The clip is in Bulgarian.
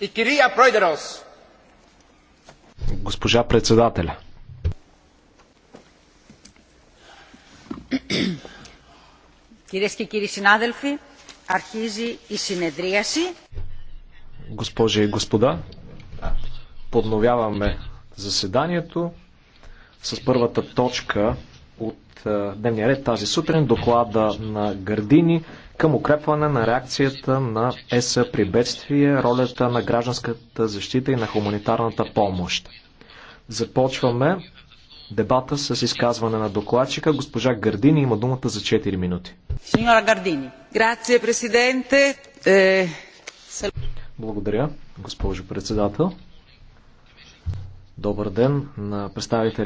И Кирия Пройдерос. Госпожа председателя. Κυρίες и κύριοι συνάδελφοι, архизи и συνεδρίαση. Госпожи и господа, подновяваме заседанието с първата точка от е, дневния ред тази сутрин доклада на Гърдини към укрепване на реакцията на ЕС при бедствие, ролята на гражданската защита и на хуманитарната помощ. Започваме дебата с изказване на докладчика. Госпожа Гърдини има думата за 4 минути. Сеньора Гърдини. Грация, президенте. Е, Благодаря, госпожо председател. Добър ден на представители